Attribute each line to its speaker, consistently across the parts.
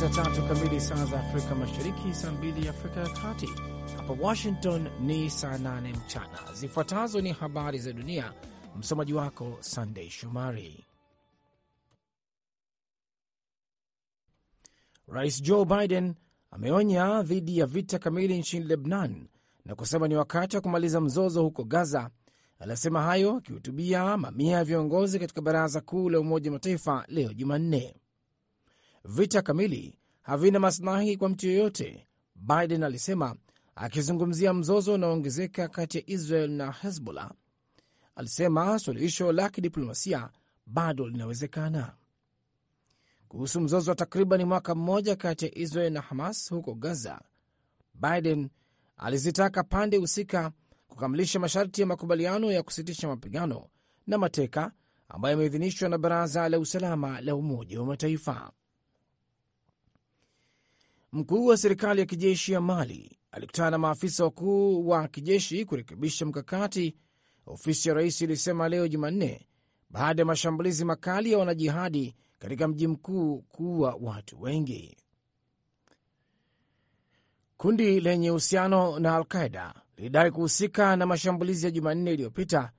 Speaker 1: saa tatu kamili saa za Afrika Mashariki, saa mbili Afrika ya Kati. Hapa Washington ni saa nane mchana. Zifuatazo ni habari za dunia, msomaji wako Sandei Shomari. Rais Joe Biden ameonya dhidi ya vita kamili nchini Lebanon na kusema ni wakati wa kumaliza mzozo huko Gaza. Alisema hayo akihutubia mamia ya viongozi katika Baraza Kuu la Umoja wa Mataifa leo Jumanne vita kamili havina maslahi kwa mtu yoyote, Biden alisema akizungumzia mzozo unaoongezeka kati ya Israel na Hezbollah. Alisema suluhisho la kidiplomasia bado linawezekana. Kuhusu mzozo wa takriban mwaka mmoja kati ya Israel na Hamas huko Gaza, Biden alizitaka pande husika kukamilisha masharti ya makubaliano ya kusitisha mapigano na mateka ambayo yameidhinishwa na Baraza la Usalama la Umoja wa Mataifa. Mkuu wa serikali ya kijeshi ya Mali alikutana na maafisa wakuu wa kijeshi kurekebisha mkakati, ofisi ya rais ilisema leo Jumanne, baada ya mashambulizi makali ya wanajihadi katika mji mkuu kuua watu wengi. Kundi lenye uhusiano na Alqaida lilidai kuhusika na mashambulizi ya Jumanne iliyopita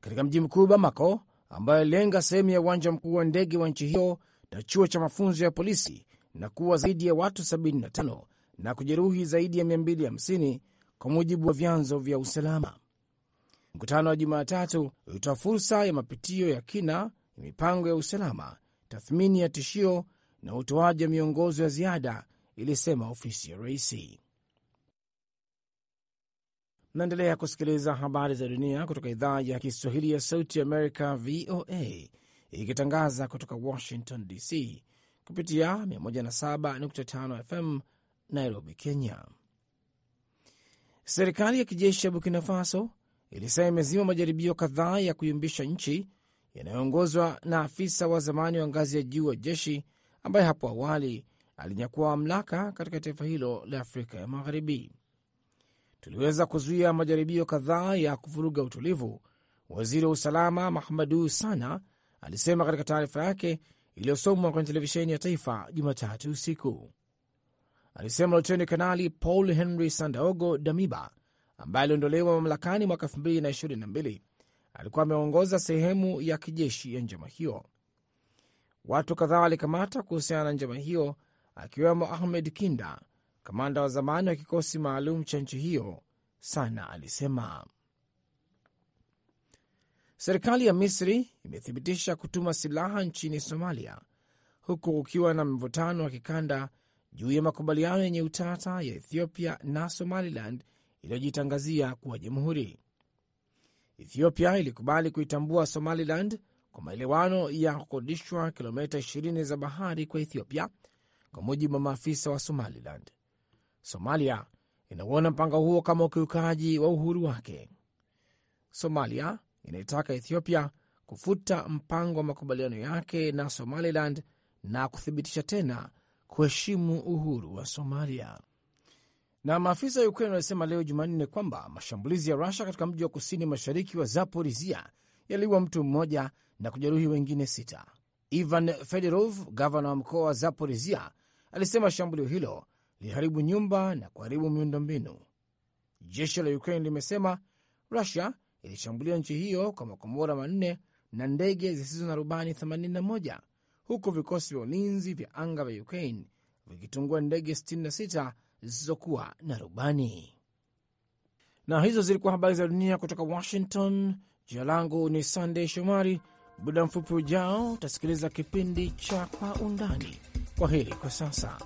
Speaker 1: katika mji mkuu Bamako, ambayo alilenga sehemu ya uwanja mkuu wa ndege wa nchi hiyo na chuo cha mafunzo ya polisi na kuwa zaidi ya watu 75 na kujeruhi zaidi ya 250 kwa mujibu wa vyanzo vya usalama. Mkutano wa Jumatatu ulitoa fursa ya mapitio ya kina ya mipango ya usalama, tathmini ya tishio na utoaji wa miongozo ya ziada, ilisema ofisi ya rais. Naendelea kusikiliza habari za dunia kutoka idhaa ya Kiswahili ya Sauti ya Amerika, VOA, ikitangaza kutoka Washington DC kupitia 107.5 FM Nairobi, Kenya. Serikali ya kijeshi ya Burkina Faso ilisema imezima majaribio kadhaa ya kuyumbisha nchi yanayoongozwa na afisa wa zamani wa ngazi ya juu wa jeshi ambaye hapo awali alinyakua mamlaka katika taifa hilo la Afrika ya Magharibi. Tuliweza kuzuia majaribio kadhaa ya kuvuruga utulivu, waziri wa usalama Mahamadu Sana alisema katika taarifa yake iliyosomwa kwenye televisheni ya taifa Jumatatu usiku, alisema Luteni Kanali Paul Henry Sandaogo Damiba ambaye aliondolewa mamlakani mwaka 2022 alikuwa ameongoza sehemu ya kijeshi ya njama hiyo. Watu kadhaa walikamata kuhusiana na njama hiyo, akiwemo Ahmed Kinda, kamanda wa zamani wa kikosi maalum cha nchi hiyo. Sana alisema Serikali ya Misri imethibitisha kutuma silaha nchini Somalia, huku kukiwa na mvutano wa kikanda juu ya makubaliano yenye utata ya Ethiopia na Somaliland iliyojitangazia kuwa jamhuri. Ethiopia ilikubali kuitambua Somaliland kwa maelewano ya kukodishwa kilomita 20 za bahari kwa Ethiopia, kwa mujibu wa maafisa wa Somaliland. Somalia inauona mpango huo kama ukiukaji wa uhuru wake. Somalia inaitaka Ethiopia kufuta mpango wa makubaliano yake na Somaliland na kuthibitisha tena kuheshimu uhuru wa Somalia. Na maafisa wa Ukraine walisema leo Jumanne kwamba mashambulizi ya Rusia katika mji wa kusini mashariki wa Zaporizia yaliua mtu mmoja na kujeruhi wengine sita. Ivan Fedorov, gavana wa mkoa wa Zaporizia, alisema shambulio hilo liliharibu nyumba na kuharibu miundombinu. Jeshi la Ukraine limesema Rusia ilishambulia nchi hiyo kwa makombora manne na ndege zisizo na rubani 81 huku vikosi vya ulinzi vya anga vya Ukraine vikitungua ndege 66 zisizokuwa na rubani. Na hizo zilikuwa habari za dunia kutoka Washington. Jina langu ni Sandey Shomari. Muda mfupi ujao utasikiliza kipindi cha Kwa Undani. Kwa heri kwa sasa.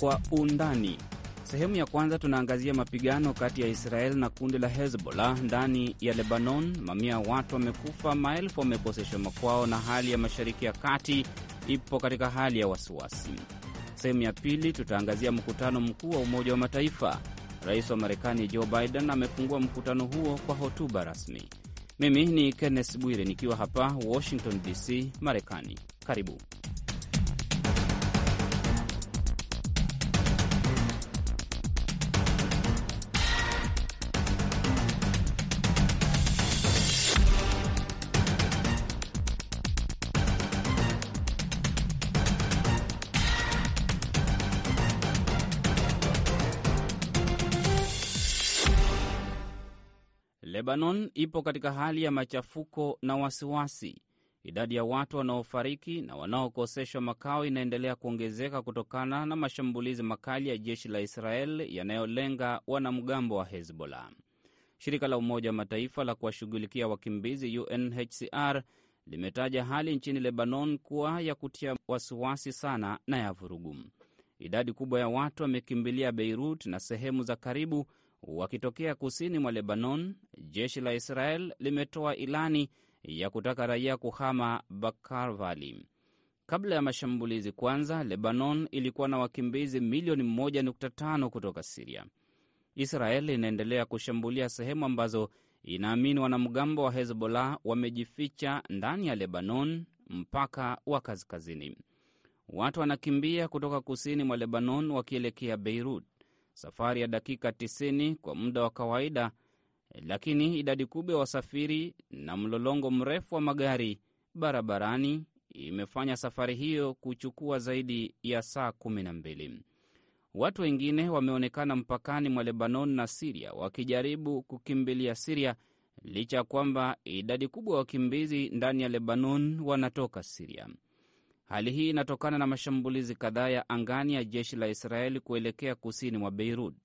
Speaker 2: kwa undani. Sehemu ya kwanza tunaangazia mapigano kati ya Israel na kundi la Hezbollah ndani ya Lebanon. Mamia ya watu wamekufa, maelfu wamekoseshwa makwao, na hali ya Mashariki ya Kati ipo katika hali ya wasiwasi. Sehemu ya pili tutaangazia mkutano mkuu wa Umoja wa Mataifa. Rais wa Marekani Joe Biden amefungua mkutano huo kwa hotuba rasmi. Mimi ni Kenneth Bwire nikiwa hapa Washington DC, Marekani. Karibu. Lebanon ipo katika hali ya machafuko na wasiwasi. Idadi ya watu wanaofariki na wanaokoseshwa makao inaendelea kuongezeka kutokana na mashambulizi makali ya jeshi la Israel yanayolenga wanamgambo wa Hezbollah. Shirika la Umoja wa Mataifa la kuwashughulikia wakimbizi UNHCR limetaja hali nchini Lebanon kuwa ya kutia wasiwasi sana na ya vurugu. Idadi kubwa ya watu wamekimbilia Beirut na sehemu za karibu wakitokea kusini mwa Lebanon, jeshi la Israel limetoa ilani ya kutaka raia kuhama Bakar Valley. Kabla ya mashambulizi kwanza, Lebanon ilikuwa na wakimbizi milioni 1.5 kutoka Siria. Israel inaendelea kushambulia sehemu ambazo inaamini wanamgambo wa Hezbollah wamejificha ndani ya Lebanon, mpaka wa kaskazini. Watu wanakimbia kutoka kusini mwa Lebanon wakielekea Beirut safari ya dakika 90 kwa muda wa kawaida, lakini idadi kubwa ya wasafiri na mlolongo mrefu wa magari barabarani imefanya safari hiyo kuchukua zaidi ya saa 12. Watu wengine wameonekana mpakani mwa Lebanon na Siria wakijaribu kukimbilia Siria licha ya kwamba idadi kubwa ya wakimbizi ndani ya Lebanon wanatoka Siria. Hali hii inatokana na mashambulizi kadhaa ya angani ya jeshi la Israeli kuelekea kusini mwa Beirut.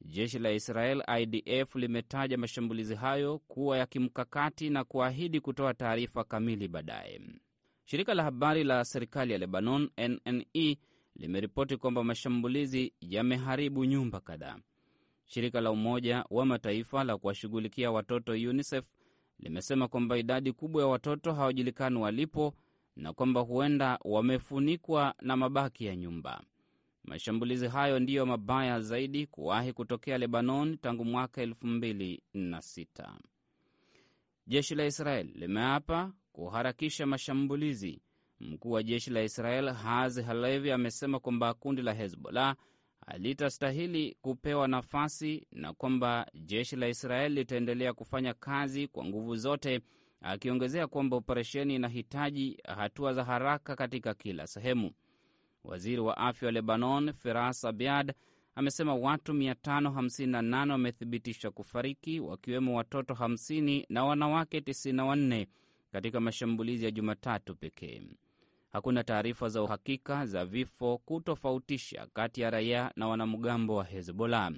Speaker 2: Jeshi la Israel IDF limetaja mashambulizi hayo kuwa ya kimkakati na kuahidi kutoa taarifa kamili baadaye. Shirika la habari la serikali ya Lebanon NNE limeripoti kwamba mashambulizi yameharibu nyumba kadhaa. Shirika la Umoja wa Mataifa la kuwashughulikia watoto UNICEF limesema kwamba idadi kubwa ya watoto hawajulikani walipo na kwamba huenda wamefunikwa na mabaki ya nyumba. Mashambulizi hayo ndiyo mabaya zaidi kuwahi kutokea Lebanon tangu mwaka 2006. Jeshi la Israel limeapa kuharakisha mashambulizi. Mkuu wa jeshi la Israel Haz Halevi amesema kwamba kundi la Hezbollah halitastahili kupewa nafasi na kwamba jeshi la Israel litaendelea kufanya kazi kwa nguvu zote akiongezea kwamba operesheni inahitaji hatua za haraka katika kila sehemu. Waziri wa afya wa Lebanon Firas Abiad amesema watu 558 wamethibitisha kufariki wakiwemo watoto 50 na wanawake 94 katika mashambulizi ya Jumatatu pekee. Hakuna taarifa za uhakika za vifo kutofautisha kati ya raia na wanamgambo wa Hezbollah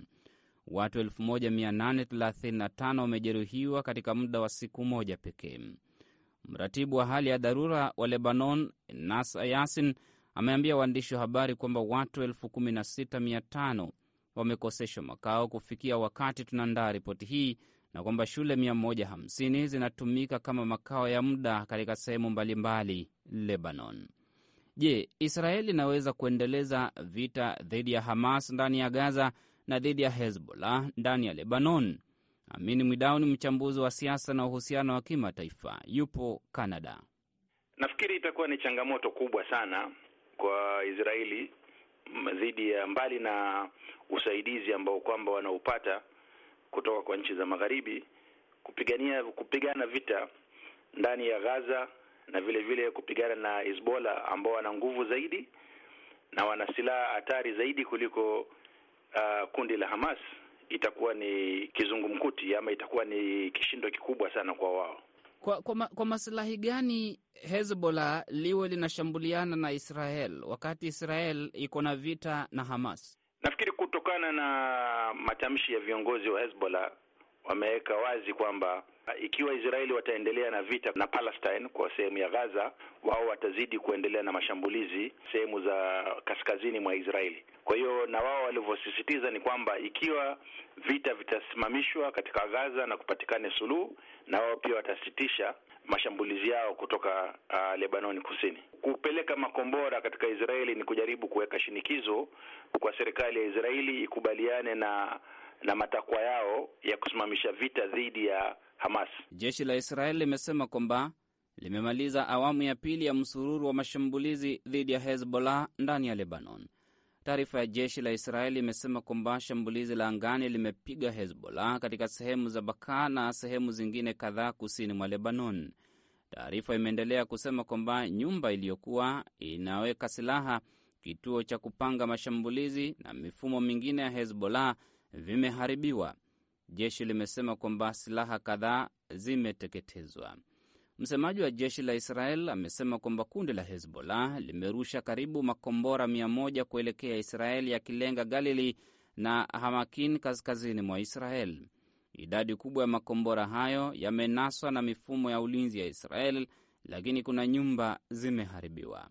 Speaker 2: watu 1835 wamejeruhiwa katika muda wa siku moja pekee. Mratibu wa hali ya dharura wa Lebanon, Nas Yasin, ameambia waandishi wa habari kwamba watu 16500 wamekoseshwa makao kufikia wakati tunaandaa ripoti hii na kwamba shule 150 zinatumika kama makao ya muda katika sehemu mbalimbali Lebanon. Je, Israeli inaweza kuendeleza vita dhidi ya Hamas ndani ya Gaza na dhidi ya Hezbollah ndani ya Lebanon. Amin Mwidau ni mchambuzi wa siasa na uhusiano wa kimataifa, yupo Canada.
Speaker 3: Nafikiri itakuwa ni changamoto kubwa sana kwa Israeli dhidi ya, mbali na usaidizi ambao kwamba wanaupata kutoka kwa nchi za magharibi, kupigania kupigana vita ndani ya Gaza na vile vile kupigana na Hezbollah ambao wana nguvu zaidi na wana silaha hatari zaidi kuliko uh, kundi la Hamas itakuwa ni kizungumkuti ama itakuwa ni kishindo kikubwa sana kwa wao.
Speaker 2: Kwa kwa, ma, kwa masilahi gani Hezbollah liwe linashambuliana na Israel wakati Israel iko na vita na Hamas?
Speaker 3: Nafikiri kutokana na matamshi ya viongozi wa Hezbollah wameweka wazi kwamba Ah, ikiwa Israeli wataendelea na vita na Palestine kwa sehemu ya Gaza, wao watazidi kuendelea na mashambulizi sehemu za kaskazini mwa Israeli. Kwa hiyo na wao walivyosisitiza ni kwamba ikiwa vita vitasimamishwa katika Gaza na kupatikane suluhu, na wao pia watasitisha mashambulizi yao kutoka uh, Lebanoni kusini. Kupeleka makombora katika Israeli ni kujaribu kuweka shinikizo kwa serikali ya Israeli ikubaliane na na matakwa yao ya kusimamisha vita dhidi ya Hamas.
Speaker 2: Jeshi la Israel limesema kwamba limemaliza awamu ya pili ya msururu wa mashambulizi dhidi ya Hezbollah ndani ya Lebanon. Taarifa ya jeshi la Israeli imesema kwamba shambulizi la angani limepiga Hezbollah katika sehemu za baka na sehemu zingine kadhaa kusini mwa Lebanon. Taarifa imeendelea kusema kwamba nyumba iliyokuwa inaweka silaha, kituo cha kupanga mashambulizi na mifumo mingine ya Hezbollah vimeharibiwa. Jeshi limesema kwamba silaha kadhaa zimeteketezwa. Msemaji wa jeshi la Israel amesema kwamba kundi la Hezbollah limerusha karibu makombora 1 kuelekea Israel yakilenga Galili na Hamakin kaskazini mwa Israel. Idadi kubwa ya makombora hayo yamenaswa na mifumo ya ulinzi ya Israel, lakini kuna nyumba zimeharibiwa.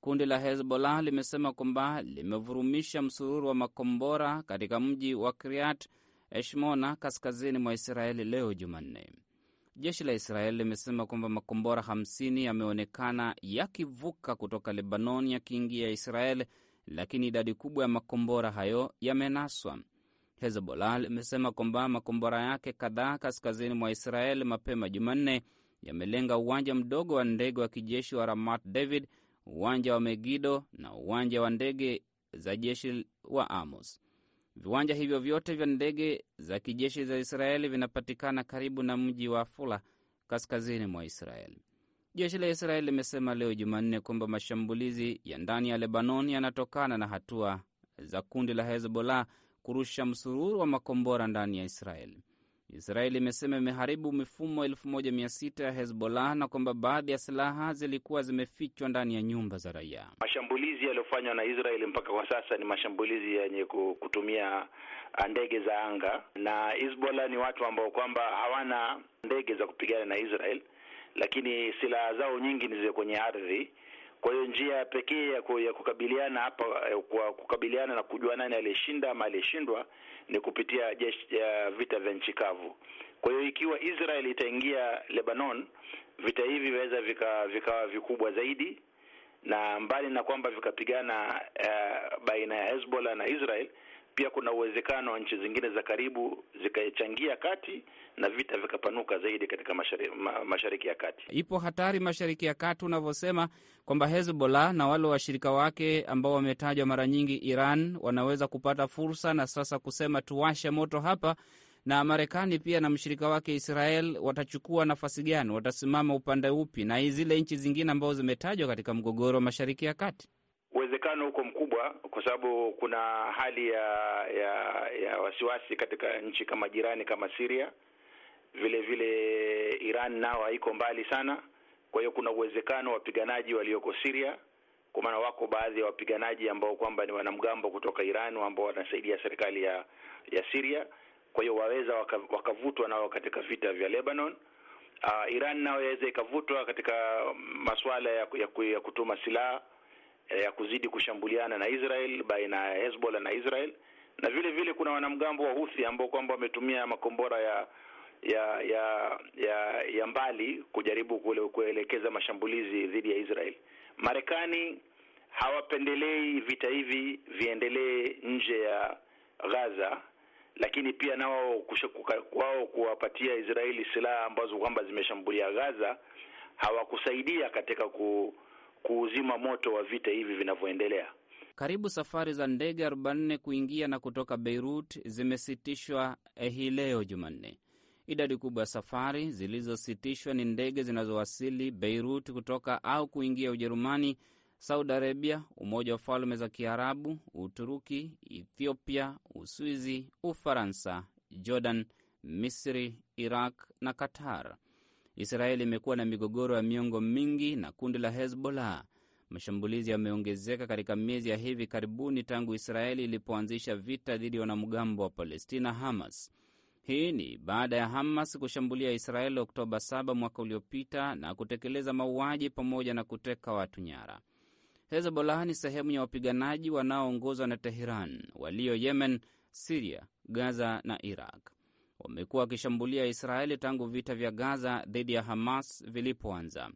Speaker 2: Kundi la Hezbollah limesema kwamba limevurumisha msururu wa makombora katika mji wa Kiryat Eshmona, kaskazini mwa Israeli leo Jumanne. Jeshi la Israeli limesema kwamba makombora 50 yameonekana yakivuka kutoka Lebanon yakiingia Israeli, lakini idadi kubwa ya makombora hayo yamenaswa. Hezbollah limesema kwamba makombora yake kadhaa kaskazini mwa Israeli mapema Jumanne yamelenga uwanja mdogo wa ndege wa kijeshi wa Ramat David, uwanja wa Megido na uwanja wa ndege za jeshi wa Amos. Viwanja hivyo vyote vya ndege za kijeshi za Israeli vinapatikana karibu na mji wa Afula, kaskazini mwa Israeli. Jeshi la Israeli limesema leo Jumanne kwamba mashambulizi ya ndani ya Lebanon yanatokana na hatua za kundi la Hezbollah kurusha msururu wa makombora ndani ya Israeli. Israeli imesema imeharibu mifumo 1600 ya Hezbollah na kwamba baadhi ya silaha zilikuwa zimefichwa ndani ya nyumba za raia.
Speaker 3: Mashambulizi yaliyofanywa na Israeli mpaka kwa sasa ni mashambulizi yenye kutumia ndege za anga, na Hezbollah ni watu ambao kwamba hawana ndege za kupigana na Israel, lakini silaha zao nyingi ni zile kwenye ardhi. Kwa hiyo njia pekee ya kukabiliana hapa, kwa kukabiliana na kujua nani aliyeshinda ama aliyeshindwa ni kupitia jeshi ya vita vya nchi kavu. Kwa hiyo ikiwa Israel itaingia Lebanon, vita hivi vinaweza vikawa vika vikubwa zaidi, na mbali na kwamba vikapigana uh, baina ya Hezbollah na Israel pia kuna uwezekano wa nchi zingine za karibu zikachangia kati na vita vikapanuka zaidi katika mashari, ma, mashariki ya kati.
Speaker 2: Ipo hatari mashariki ya kati unavyosema kwamba Hezbollah na wale washirika wake ambao wametajwa mara nyingi, Iran, wanaweza kupata fursa na sasa kusema tuwashe moto hapa na Marekani pia na mshirika wake Israel watachukua nafasi gani? Watasimama upande upi? Na zile nchi zingine ambazo zimetajwa katika mgogoro wa mashariki ya kati,
Speaker 3: uwezekano huko mkubwa, kwa sababu kuna hali ya ya ya wasiwasi katika nchi kama jirani kama Syria, vile vile Iran nao haiko mbali sana. Kwa hiyo kuna uwezekano wa wapiganaji walioko Syria, kwa maana wako baadhi ya wapiganaji ambao kwamba ni wanamgambo kutoka Iran ambao wanasaidia serikali ya ya Syria, kwa hiyo waweza wakavutwa waka nao katika vita vya Lebanon. Uh, Iran nao yaweza ikavutwa katika masuala ya, ya, ya kutuma silaha Eh, ya kuzidi kushambuliana na Israel baina ya Hezbollah na Israel, na vile vile kuna wanamgambo wa Houthi ambao kwamba wametumia makombora ya ya ya ya ya mbali kujaribu kuelekeza mashambulizi dhidi ya Israel. Marekani hawapendelei vita hivi viendelee nje ya Gaza, lakini pia nao wao kuwapatia Israeli silaha ambazo kwamba zimeshambulia Gaza hawakusaidia katika ku kuuzima moto wa vita hivi vinavyoendelea.
Speaker 2: Karibu safari za ndege 44 kuingia na kutoka Beirut zimesitishwa eh, hii leo Jumanne. Idadi kubwa ya safari zilizositishwa ni ndege zinazowasili Beirut kutoka au kuingia Ujerumani, Saudi Arabia, Umoja wa Falme za Kiarabu, Uturuki, Ethiopia, Uswizi, Ufaransa, Jordan, Misri, Iraq na Qatar. Israeli imekuwa na migogoro ya miongo mingi na kundi la Hezbollah. Mashambulizi yameongezeka katika miezi ya hivi karibuni tangu Israeli ilipoanzisha vita dhidi ya wanamgambo wa Palestina, Hamas. Hii ni baada ya Hamas kushambulia Israeli Oktoba 7 mwaka uliopita na kutekeleza mauaji pamoja na kuteka watu nyara. Hezbollah ni sehemu ya wapiganaji wanaoongozwa na Teheran walio Yemen, Siria, Gaza na Iraq wamekuwa wakishambulia Israeli tangu vita vya Gaza dhidi ya Hamas vilipoanza.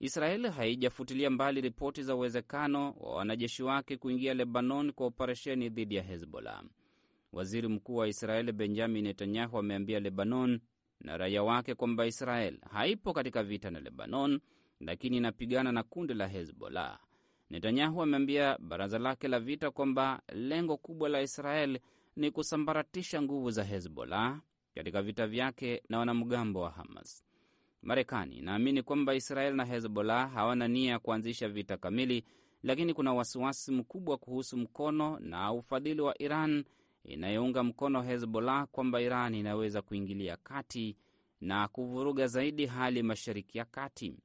Speaker 2: Israeli haijafutilia mbali ripoti za uwezekano wa wanajeshi wake kuingia Lebanon kwa operesheni dhidi ya Hezbollah. Waziri Mkuu wa Israeli Benjamin Netanyahu ameambia Lebanon na raia wake kwamba Israel haipo katika vita na Lebanon, lakini inapigana na kundi la Hezbollah. Netanyahu ameambia baraza lake la vita kwamba lengo kubwa la Israel ni kusambaratisha nguvu za Hezbollah katika vita vyake na wanamgambo wa Hamas. Marekani inaamini kwamba Israel na Hezbollah hawana nia ya kuanzisha vita kamili, lakini kuna wasiwasi mkubwa kuhusu mkono na ufadhili wa Iran inayounga mkono Hezbollah kwamba Iran inaweza kuingilia kati na kuvuruga zaidi hali Mashariki ya Kati.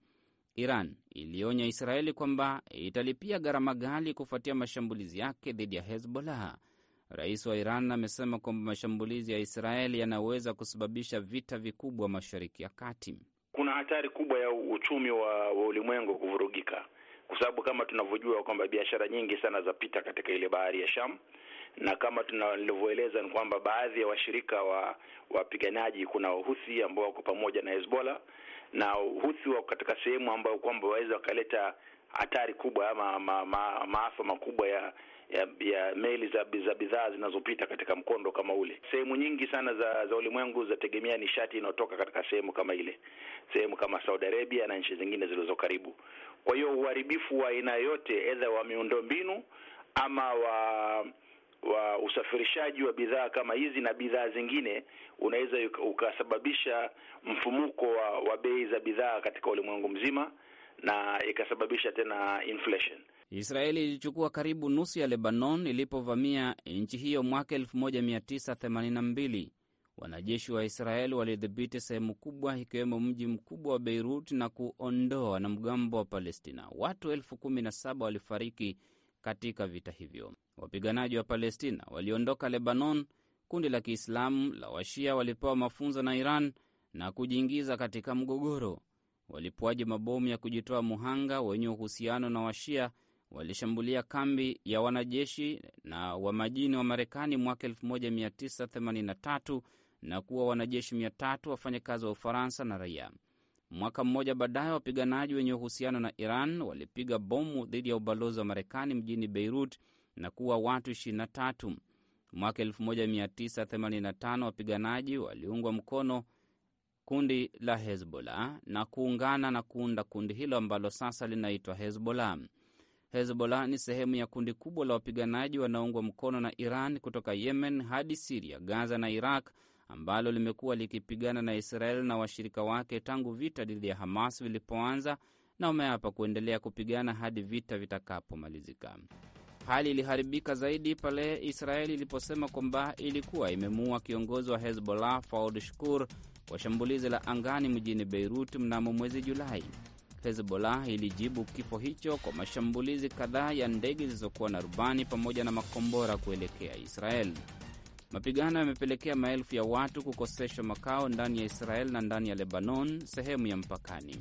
Speaker 2: Iran ilionya Israeli kwamba italipia gharama ghali kufuatia mashambulizi yake dhidi ya Hezbollah. Rais wa Iran amesema kwamba mashambulizi ya Israeli yanaweza kusababisha vita vikubwa Mashariki ya Kati.
Speaker 3: Kuna hatari kubwa ya uchumi wa, wa ulimwengu kuvurugika kwa sababu kama tunavyojua kwamba biashara nyingi sana zapita katika ile bahari ya Sham, na kama tunalivyoeleza ni kwamba baadhi ya washirika wa wapiganaji kuna Wahuthi ambao wako pamoja na Hezbollah na Uhuthi wako katika sehemu ambayo kwamba waweza wakaleta hatari kubwa ama ma, ma, maafa makubwa ya ya, ya meli za bidhaa zinazopita katika mkondo kama ule. Sehemu nyingi sana za, za ulimwengu zinategemea nishati inayotoka katika sehemu kama ile, sehemu kama Saudi Arabia na nchi zingine zilizo karibu. Kwa hiyo uharibifu wa aina yote, edha wa miundombinu ama wa wa usafirishaji wa bidhaa kama hizi na bidhaa zingine unaweza ukasababisha mfumuko wa, wa bei za bidhaa katika ulimwengu mzima na ikasababisha tena inflation.
Speaker 2: Israeli ilichukua karibu nusu ya Lebanon ilipovamia nchi hiyo mwaka 1982. Wanajeshi wa Israeli walidhibiti sehemu kubwa ikiwemo mji mkubwa wa Beirut na kuondoa wanamgambo wa Palestina. Watu elfu kumi na saba walifariki katika vita hivyo. Wapiganaji wa Palestina waliondoka Lebanon. Kundi la Kiislamu la Washia walipewa mafunzo na Iran na kujiingiza katika mgogoro. Walipuaji mabomu ya kujitoa muhanga wenye uhusiano na Washia walishambulia kambi ya wanajeshi na wa majini wa Marekani mwaka 1983 na kuwa wanajeshi 300, wafanyakazi wa Ufaransa na raia. Mwaka mmoja baadaye, wapiganaji wenye uhusiano na Iran walipiga bomu dhidi ya ubalozi wa Marekani mjini Beirut na kuwa watu 23. Mwaka 1985 wapiganaji waliungwa mkono kundi la Hezbollah na kuungana na kuunda kundi hilo ambalo sasa linaitwa Hezbollah. Hezbollah ni sehemu ya kundi kubwa la wapiganaji wanaoungwa mkono na Iran kutoka Yemen hadi Siria, Gaza na Iraq, ambalo limekuwa likipigana na Israel na washirika wake tangu vita dhidi ya Hamas vilipoanza na umeapa kuendelea kupigana hadi vita vitakapomalizika. Hali iliharibika zaidi pale Israeli iliposema kwamba ilikuwa imemuua kiongozi wa Hezbollah Fuad Shukur kwa shambulizi la angani mjini Beirut mnamo mwezi Julai. Hezbollah ilijibu kifo hicho kwa mashambulizi kadhaa ya ndege zilizokuwa na rubani pamoja na makombora kuelekea Israel. Mapigano yamepelekea maelfu ya watu kukoseshwa makao ndani ya Israel na ndani ya Lebanon, sehemu ya mpakani.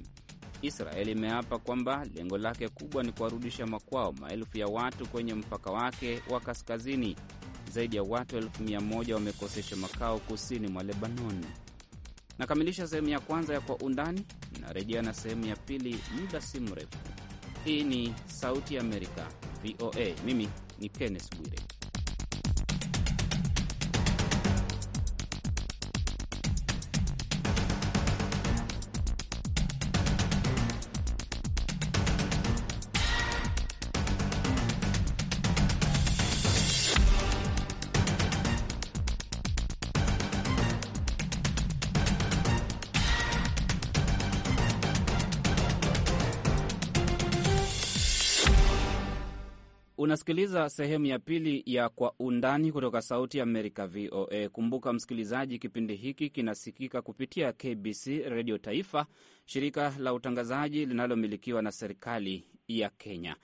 Speaker 2: Israel imeapa kwamba lengo lake kubwa ni kuwarudisha makwao maelfu ya watu kwenye mpaka wake wa kaskazini. Zaidi ya watu elfu mia moja wamekoseshwa makao kusini mwa Lebanon. Nakamilisha sehemu ya kwanza ya Kwa Undani. Narejea na sehemu ya pili muda si mrefu. Hii ni Sauti ya Amerika, VOA. Mimi ni Kenneth Bwire. Unasikiliza sehemu ya pili ya Kwa Undani kutoka Sauti ya Amerika, VOA. Kumbuka msikilizaji, kipindi hiki kinasikika kupitia KBC Redio Taifa, shirika la utangazaji linalomilikiwa na serikali ya Kenya.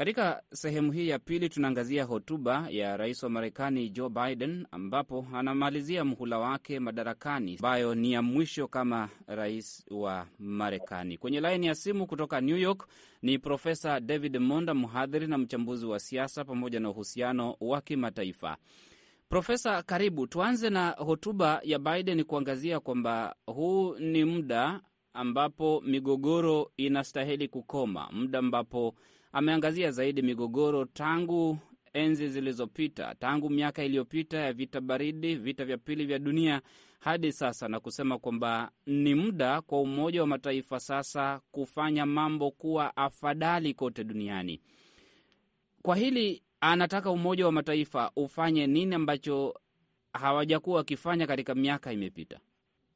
Speaker 2: Katika sehemu hii ya pili tunaangazia hotuba ya rais wa Marekani Joe Biden ambapo anamalizia mhula wake madarakani ambayo ni ya mwisho kama rais wa Marekani. Kwenye laini ya simu kutoka New York ni Profesa David Monda, mhadhiri na mchambuzi wa siasa pamoja na uhusiano wa kimataifa. Profesa, karibu. Tuanze na hotuba ya Biden kuangazia kwamba huu ni muda ambapo migogoro inastahili kukoma, muda ambapo ameangazia zaidi migogoro tangu enzi zilizopita, tangu miaka iliyopita ya vita baridi, vita vya pili vya dunia hadi sasa, na kusema kwamba ni muda kwa Umoja wa Mataifa sasa kufanya mambo kuwa afadhali kote duniani. Kwa hili anataka Umoja wa Mataifa ufanye nini ambacho hawajakuwa wakifanya katika miaka imepita?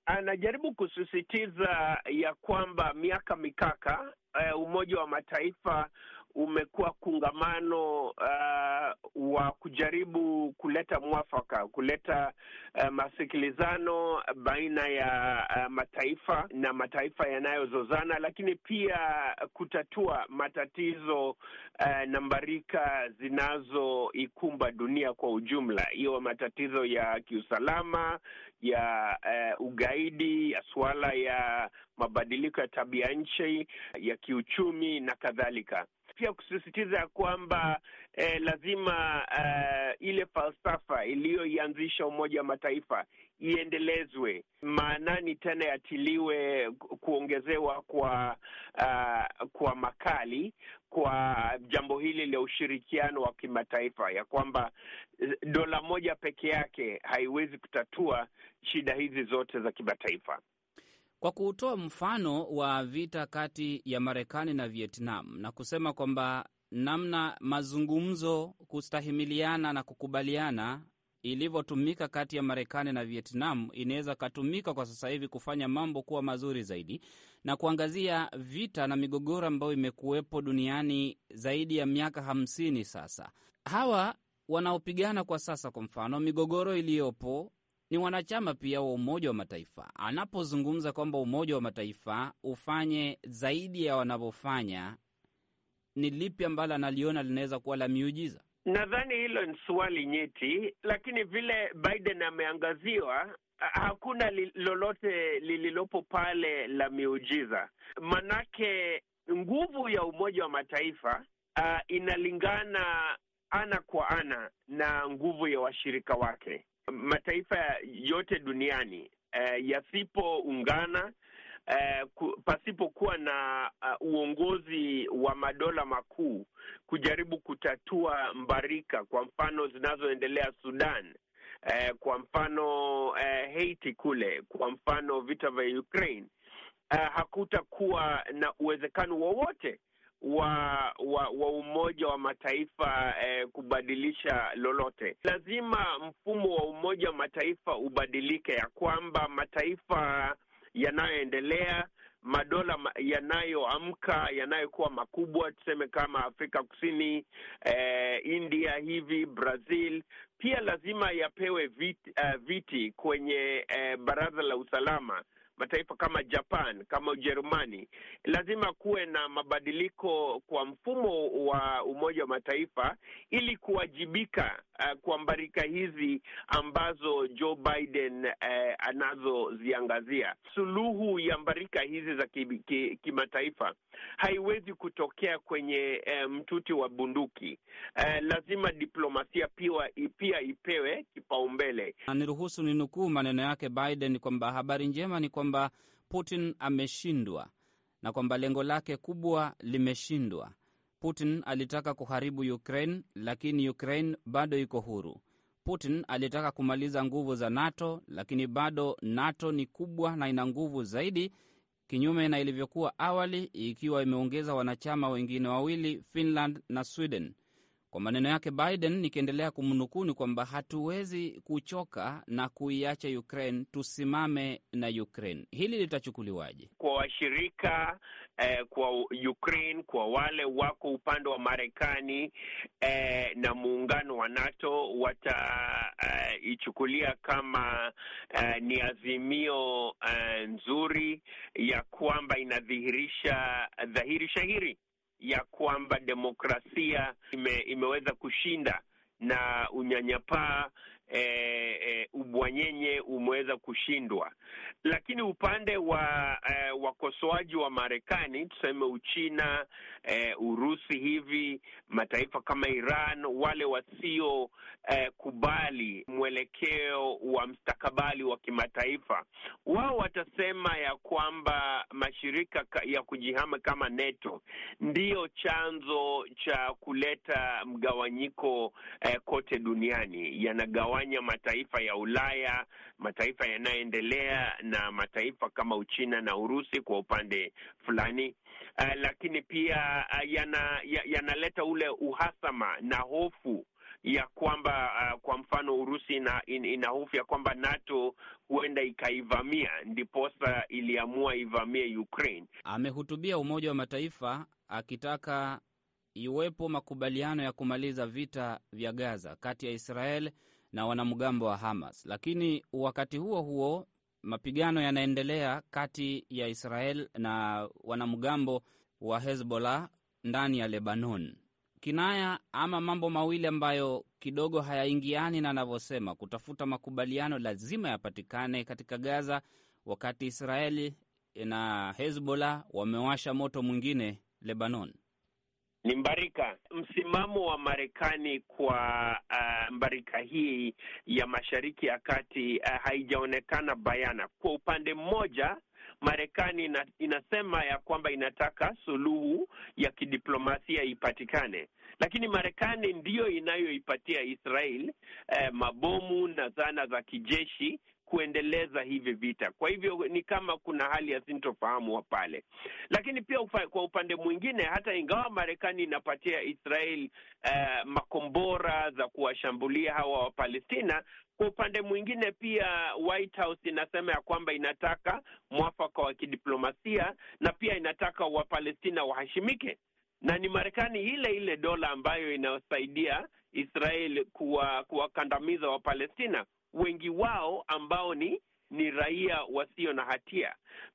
Speaker 4: anajaribu kusisitiza ya kwamba miaka mikaka uh, Umoja wa Mataifa umekuwa kungamano uh, wa kujaribu kuleta mwafaka, kuleta uh, masikilizano baina ya uh, mataifa na mataifa yanayozozana, lakini pia kutatua matatizo uh, na mbarika zinazoikumba dunia kwa ujumla, iwe matatizo ya kiusalama, ya uh, ugaidi, ya suala ya mabadiliko ya tabia nchi, ya kiuchumi na kadhalika. Pia kusisitiza ya kwamba eh, lazima uh, ile falsafa iliyoianzisha Umoja wa Mataifa iendelezwe, maanani tena yatiliwe kuongezewa kwa uh, kwa makali kwa jambo hili la ushirikiano wa kimataifa, ya kwamba eh, dola moja peke yake haiwezi kutatua shida hizi zote za kimataifa.
Speaker 2: Kwa kutoa mfano wa vita kati ya Marekani na Vietnam na kusema kwamba namna mazungumzo, kustahimiliana na kukubaliana ilivyotumika kati ya Marekani na Vietnam inaweza katumika kwa sasa hivi kufanya mambo kuwa mazuri zaidi na kuangazia vita na migogoro ambayo imekuwepo duniani zaidi ya miaka hamsini sasa. Hawa wanaopigana kwa sasa, kwa mfano migogoro iliyopo ni wanachama pia wa Umoja wa Mataifa. Anapozungumza kwamba Umoja wa Mataifa ufanye zaidi ya wanavyofanya, ni lipi ambalo analiona linaweza kuwa la miujiza?
Speaker 4: Nadhani hilo ni swali nyeti, lakini vile Biden ameangaziwa hakuna li, lolote lililopo pale la miujiza, manake nguvu ya Umoja wa Mataifa uh, inalingana ana kwa ana na nguvu ya washirika wake. Mataifa yote duniani uh, yasipoungana eh, ku, pasipokuwa na uh, uongozi wa madola makuu kujaribu kutatua mbarika, kwa mfano zinazoendelea Sudan, eh, kwa mfano eh, Haiti kule, kwa mfano vita vya Ukraine, eh, hakutakuwa na uwezekano wowote wa, wa wa Umoja wa Mataifa eh, kubadilisha lolote. Lazima mfumo wa Umoja wa Mataifa ubadilike, ya kwamba mataifa yanayoendelea, madola yanayoamka yanayokuwa makubwa, tuseme kama Afrika Kusini, eh, India hivi, Brazil pia lazima yapewe viti, uh, eh, viti kwenye eh, baraza la usalama mataifa kama Japan, kama Ujerumani, lazima kuwe na mabadiliko kwa mfumo wa Umoja wa Mataifa ili kuwajibika uh, eh, kwa mbarika hizi ambazo Joe Biden uh, anazoziangazia. Suluhu ya mbarika hizi za kimataifa ki, ki haiwezi kutokea kwenye uh, mtuti wa bunduki. Uh, lazima diplomasia pia, pia ipewe kipaumbele.
Speaker 2: Niruhusu ninukuu maneno yake Biden kwamba habari njema ni kwa kwamba Putin ameshindwa na kwamba lengo lake kubwa limeshindwa. Putin alitaka kuharibu Ukraine, lakini Ukraine bado iko huru. Putin alitaka kumaliza nguvu za NATO, lakini bado NATO ni kubwa na ina nguvu zaidi, kinyume na ilivyokuwa awali, ikiwa imeongeza wanachama wengine wawili, Finland na Sweden. Kwa maneno yake Biden, nikiendelea kumnukuu, ni kwamba hatuwezi kuchoka na kuiacha Ukraine, tusimame na Ukraine. Hili litachukuliwaje
Speaker 4: kwa washirika eh, kwa Ukraine, kwa wale wako upande wa Marekani eh, na muungano wa NATO wataichukulia eh, kama eh, ni azimio eh, nzuri ya kwamba inadhihirisha dhahiri shahiri ya kwamba demokrasia ime, imeweza kushinda na unyanyapaa e, e, ubwanyenye umeweza kushindwa, lakini upande wa e, wakosoaji wa Marekani, tuseme Uchina, eh, Urusi hivi mataifa kama Iran, wale wasiokubali eh, mwelekeo wa mstakabali wa kimataifa, wao watasema ya kwamba mashirika ya kujihama kama NATO ndiyo chanzo cha kuleta mgawanyiko eh, kote duniani, yanagawanya mataifa ya Ulaya mataifa yanayoendelea na mataifa kama Uchina na Urusi kwa upande fulani uh, lakini pia uh, yanaleta yana ule uhasama na hofu ya kwamba uh, kwa mfano Urusi ina, in, ina hofu ya kwamba NATO huenda ikaivamia, ndiposa iliamua ivamie Ukraine.
Speaker 2: Amehutubia Umoja wa Mataifa akitaka iwepo makubaliano ya kumaliza vita vya Gaza kati ya Israel na wanamgambo wa Hamas. Lakini wakati huo huo mapigano yanaendelea kati ya Israel na wanamgambo wa Hezbollah ndani ya Lebanon. Kinaya ama mambo mawili ambayo kidogo hayaingiani na anavyosema kutafuta makubaliano lazima yapatikane katika Gaza, wakati Israeli na Hezbollah wamewasha moto mwingine Lebanon
Speaker 4: ni mbarika.
Speaker 2: Msimamo wa Marekani
Speaker 4: kwa uh, mbarika hii ya Mashariki ya Kati uh, haijaonekana bayana. Kwa upande mmoja Marekani ina, inasema ya kwamba inataka suluhu ya kidiplomasia ipatikane, lakini Marekani ndiyo inayoipatia Israel eh, mabomu na zana za kijeshi kuendeleza hivi vita. Kwa hivyo ni kama kuna hali ya sintofahamu pale, lakini pia ufa, kwa upande mwingine hata ingawa Marekani inapatia Israel uh, makombora za kuwashambulia hawa Wapalestina, kwa upande mwingine pia White House inasema ya kwamba inataka mwafaka wa kidiplomasia na pia inataka Wapalestina waheshimike na ni Marekani ile ile dola ambayo inasaidia Israel kuwakandamiza kuwa Wapalestina wengi wao ambao ni ni raia wasio na hatia.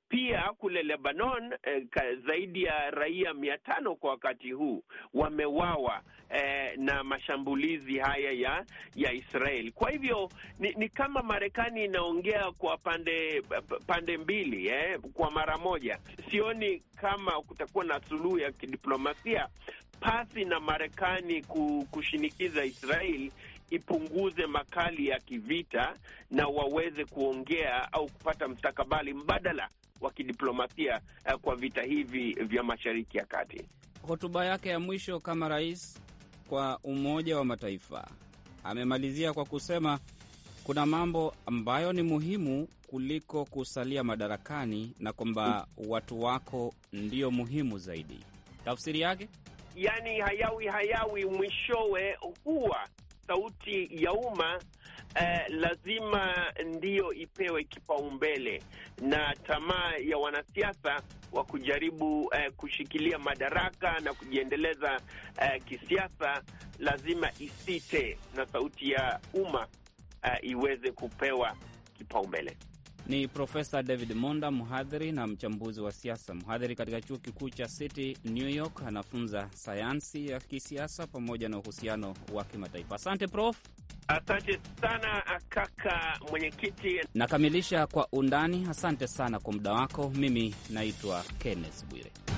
Speaker 4: Pia kule Lebanon eh, zaidi ya raia mia tano kwa wakati huu wamewawa eh, na mashambulizi haya ya ya Israel. Kwa hivyo ni, ni kama Marekani inaongea kwa pande pande mbili eh, kwa mara moja. Sioni kama kutakuwa na suluhu ya kidiplomasia pasi na Marekani kushinikiza Israel ipunguze makali ya kivita na waweze kuongea au kupata mstakabali mbadala wa kidiplomasia eh, kwa vita hivi vya Mashariki ya Kati.
Speaker 2: Hotuba yake ya mwisho kama rais kwa Umoja wa Mataifa amemalizia kwa kusema kuna mambo ambayo ni muhimu kuliko kusalia madarakani na kwamba watu wako ndio muhimu zaidi. Tafsiri yake
Speaker 4: yaani, hayawi hayawi, mwishowe huwa sauti ya umma eh, lazima ndiyo ipewe kipaumbele na tamaa ya wanasiasa wa kujaribu eh, kushikilia madaraka na kujiendeleza eh, kisiasa lazima isite na sauti ya umma eh, iweze kupewa kipaumbele.
Speaker 2: Ni Profesa David Monda, mhadhiri na mchambuzi wa siasa, mhadhiri katika chuo kikuu cha City New York. Anafunza sayansi ya kisiasa pamoja na uhusiano wa kimataifa. Asante Prof.
Speaker 4: Asante sana kaka mwenyekiti.
Speaker 2: Nakamilisha kwa undani. Asante sana kwa muda wako. Mimi naitwa Kenneth Bwire.